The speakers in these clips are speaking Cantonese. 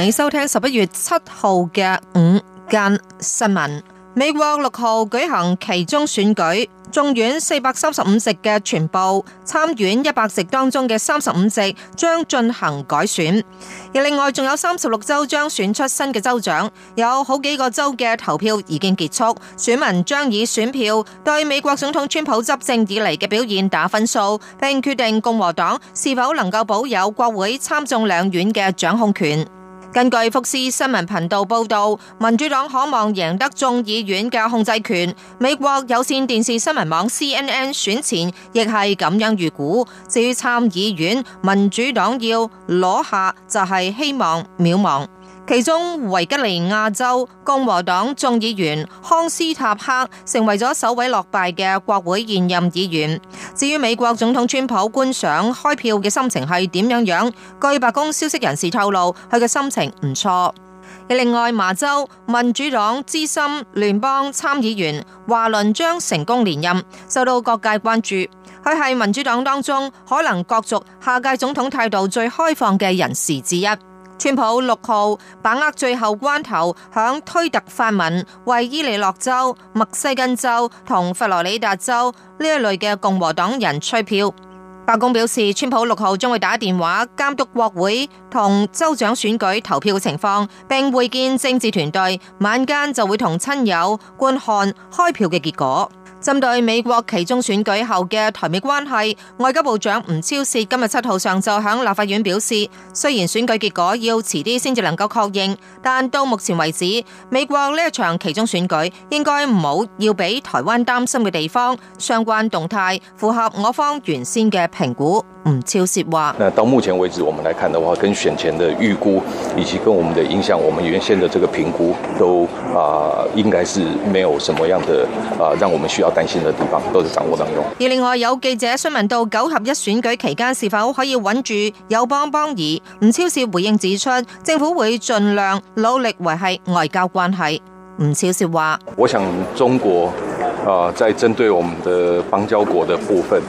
你收聽十一月七號嘅午間新聞。美國六號舉行期中選舉，眾院四百三十五席嘅全部，參院一百席當中嘅三十五席將進行改選，而另外仲有三十六州將選出新嘅州長。有好幾個州嘅投票已經結束，選民將以選票對美國總統川普執政以嚟嘅表現打分數，並決定共和黨是否能夠保有國會參眾兩院嘅掌控權。根據福斯新聞頻道報道，民主黨可望贏得眾議院嘅控制權。美國有綫電視新聞網 CNN 選前亦係咁樣預估，至於參議院，民主黨要攞下就係希望渺茫。其中維吉尼亞州共和黨眾議員康斯塔克成為咗首位落敗嘅國會現任議員。至於美國總統川普觀賞開票嘅心情係點樣樣？據白宮消息人士透露，佢嘅心情唔錯。另外，麻州民主黨資深聯邦參議員華倫將成功連任，受到各界關注。佢係民主黨當中可能角逐下屆總統態度最開放嘅人士之一。川普六號把握最後關頭，響推特發文為伊利諾州、密西根州同佛羅里達州呢一類嘅共和黨人吹票。白宮表示，川普六號將會打電話監督國會同州長選舉投票嘅情況，並會見政治團隊。晚間就會同親友觀看開票嘅結果。針對美國期中選舉後嘅台美關係，外交部長吳釗燮今日七號上晝響立法院表示，雖然選舉結果要遲啲先至能夠確認，但到目前為止，美國呢一場期中選舉應該唔好要俾台灣擔心嘅地方，相關動態符合我方原先嘅評估。吳釗燮話，那到目前為止，我們來看的話，跟選前的預估，以及跟我們的影響，我們原先的這個評估都啊、呃，應該是沒有什麼樣的啊、呃，讓我們需要。擔心的地方，都是掌握當中。而另外有記者詢問到九合一選舉期間是否可以穩住友邦邦誼，吳釗燮回應指出，政府會盡量努力維繫外交關係。吳釗燮話，我想中國啊，在針對我們的邦交國的部分，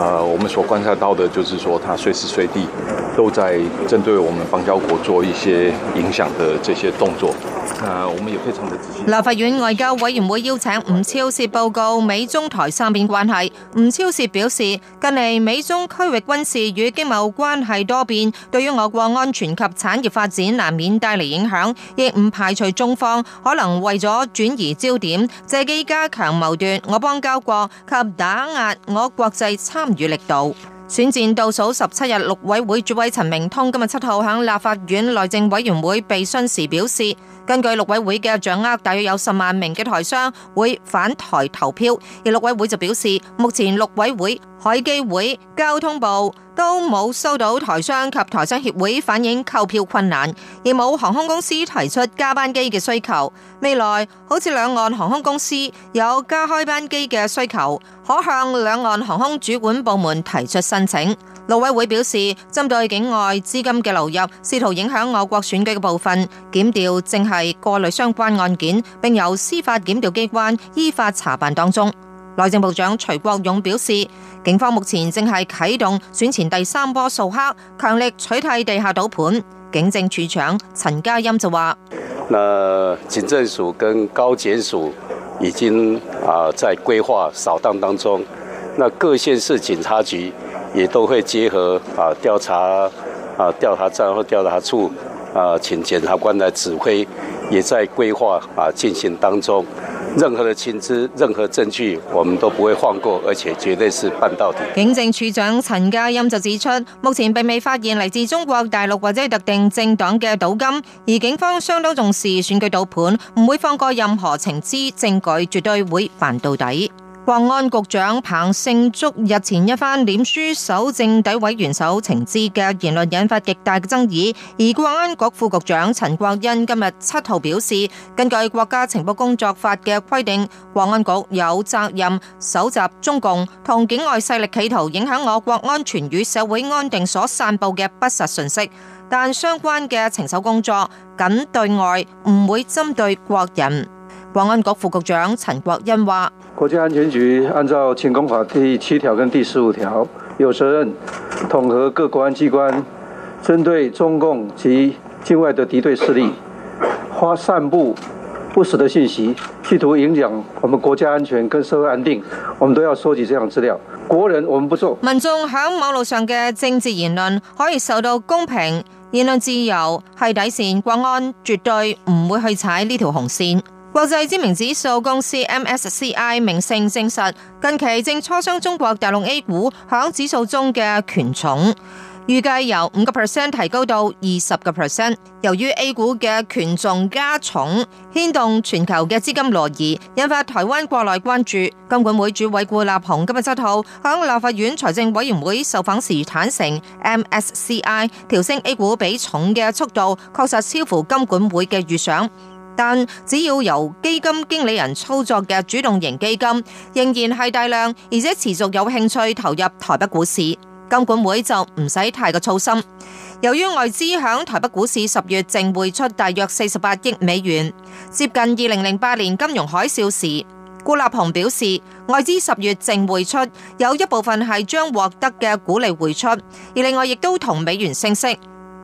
呃，我們所觀察到的就是說，他隨時隨地都在針對我們邦交國做一些影響的這些動作。呃，我們也非常的自信。立法院外交委員會邀請吳釗燮報告美中台三邊關係。吳釗燮表示，近來美中區域軍事與經貿關係多變，對於我國安全及產業發展難免帶嚟影響，亦唔排除中方可能為咗轉移焦點，借機加強謀奪我邦交國及打壓我國際參。與力度，選戰倒數十七日，陸委會主委陳明通今日七號喺立法院內政委員會備詢時表示。根據陸委會嘅掌握，大約有十萬名嘅台商會返台投票，而陸委會就表示，目前陸委會、海基會、交通部都冇收到台商及台商協會反映購票困難，亦冇航空公司提出加班機嘅需求。未來，好似兩岸航空公司有加開班機嘅需求，可向兩岸航空主管部門提出申請。陸委會表示，針對境外資金嘅流入，試圖影響我國選舉嘅部分，檢調正係過濾相關案件，並由司法檢調機關依法查辦當中。內政部長徐國勇表示，警方目前正係啟動選前第三波掃黑，強力取締地下賭盤。警政署長陳家欽就話：那警政署跟高檢署已經啊在規劃掃蕩當中，那各、個、縣市警察局。也都會結合啊調查啊調查站或調查處啊，請檢察官來指揮，也在規劃啊進行當中。任何的情資、任何證據，我們都不會放過，而且絕對是辦到底。警政署長陳家欽就指出，目前並未發現嚟自中國大陸或者特定政黨嘅賭金，而警方相當重視選舉賭盤，唔會放過任何情資證據，絕對會辦到底。國安局長彭勝竹日前一番臉書偵蒐詆毀元首情資嘅言論引發極大嘅爭議，而國安局副局長陳國恩今日七號表示，根據國家情報工作法嘅規定，國安局有責任搜集中共同境外勢力企圖影響我國安全與社會安定所散布嘅不實信息，但相關嘅偵蒐工作僅對外，唔會針對國人。國安局副局長陳國恩話。國家安全局按照《情報法》第七條跟第十五條，有責任統合各國安機關，針對中共及境外的敵對勢力，發散布不實的信息，企圖影響我們國家安全跟社會安定，我們都要收集這樣資料。國人，我們不做。民眾喺網路上嘅政治言論可以受到公平，言論自由係底線，國安絕對唔會去踩呢條紅線。國際知名指數公司 MSCI 名勝證實，近期正磋商中國大陸 A 股響指數中嘅權重預計，預計由五個 percent 提高到二十個 percent。由於 A 股嘅權重加重，牽動全球嘅資金挪移，引發台灣國內關注。金管會主委顧立雄今日七號響立法院財政委員會受訪時坦承，MSCI 調升 A 股比重嘅速度確實超乎金管會嘅預想。但只要由基金經理人操作嘅主動型基金，仍然係大量而且持續有興趣投入台北股市，金管會就唔使太過操心。由於外資響台北股市十月淨匯出大約四十八億美元，接近二零零八年金融海嘯時，顧立雄表示，外資十月淨匯出有一部分係將獲得嘅股利匯出，而另外亦都同美元升息，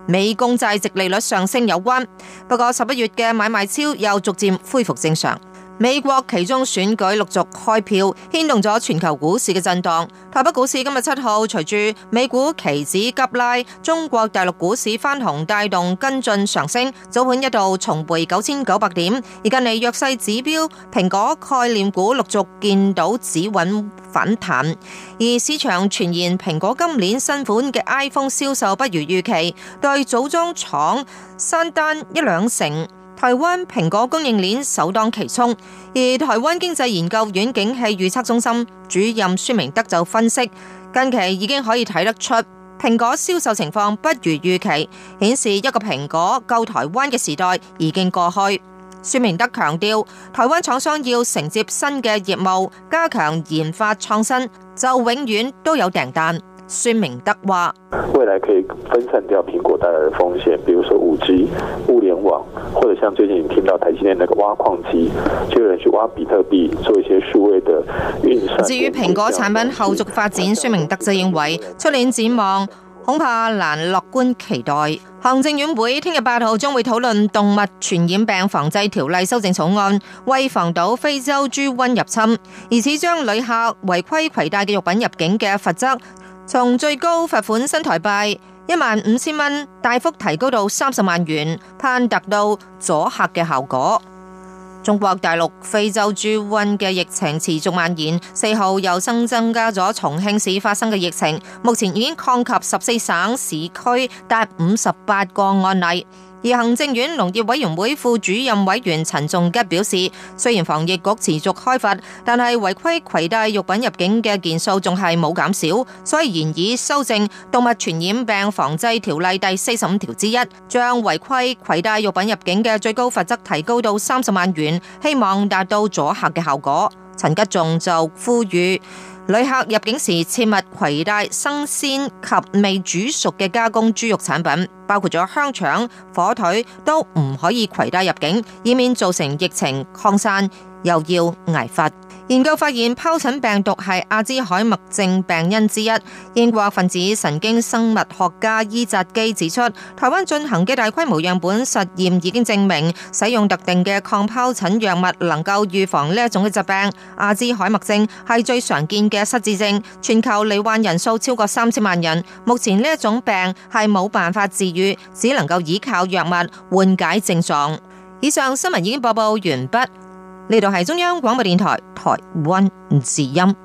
美公債殖利率上升有關，不過十一月嘅買賣超又逐漸恢復正常。美國期中選舉陸續開票，牽動咗全球股市嘅震盪。台北股市今日七號，隨住美股期指急拉，中國大陸股市翻紅，帶動跟進上升。早盤一度重回九千九百點，而近嚟弱勢指標蘋果概念股陸續見到止穩反彈。而市場傳言蘋果今年新款嘅 iPhone 銷售不如預期，對組裝廠生單一兩成。台灣蘋果供應鏈首當其衝，而台灣經濟研究院景氣預測中心主任孫明德就分析，近期已經可以睇得出，蘋果銷售情況不如預期，顯示一個蘋果救台灣嘅時代已經過去。孫明德強調，台灣廠商要承接新嘅業務，加強研發創新，就永遠都有訂單。孫明德話，未來可以分散掉蘋果帶來的風險，比如說五 G、物聯網，或者像最近你聽到台積電那個挖礦機，有人去挖比特幣，做一些數位的運算。至於蘋果產品後續發展，孫明德就認為出年展望恐怕難樂觀期待。行政院會聽日八號將會討論動物傳染病防治條例修正草案，為防到非洲豬瘟入侵，而此將旅客違規攜帶嘅肉品入境嘅罰則。從最高罰款新台幣一萬五千蚊大幅提高到三十萬元，盼達到阻嚇嘅效果。中國大陸非洲豬瘟嘅疫情持續蔓延，四號又新增加咗重慶市發生嘅疫情，目前已經擴及十四省市區，達五十八個案例。而行政院農業委員會副主任委員陳仲吉表示，雖然防疫局持續開罰，但係違規攜帶肉品入境嘅件數仲係冇減少，所以現已修正《動物傳染病防治條例》第四十五條之一，將違規攜帶肉品入境嘅最高罰則提高到三十萬元，希望達到阻嚇嘅效果。陳吉仲就呼籲。旅客入境時切勿攜帶生鮮及未煮熟嘅加工豬肉產品，包括咗香腸、火腿都唔可以攜帶入境，以免造成疫情擴散，又要挨罰。研究發現，疱疹病毒係阿茲海默症病因之一。英國分子神經生物學家伊扎基指出，台灣進行嘅大規模樣本實驗已經證明，使用特定嘅抗疱疹藥物能夠預防呢一種嘅疾病。阿茲海默症係最常見嘅失智症，全球罹患人數超過三千萬人。目前呢一種病係冇辦法治癒，只能夠依靠藥物緩解症狀。以上新聞已經播報完畢。呢度係中央廣播電台台灣之音。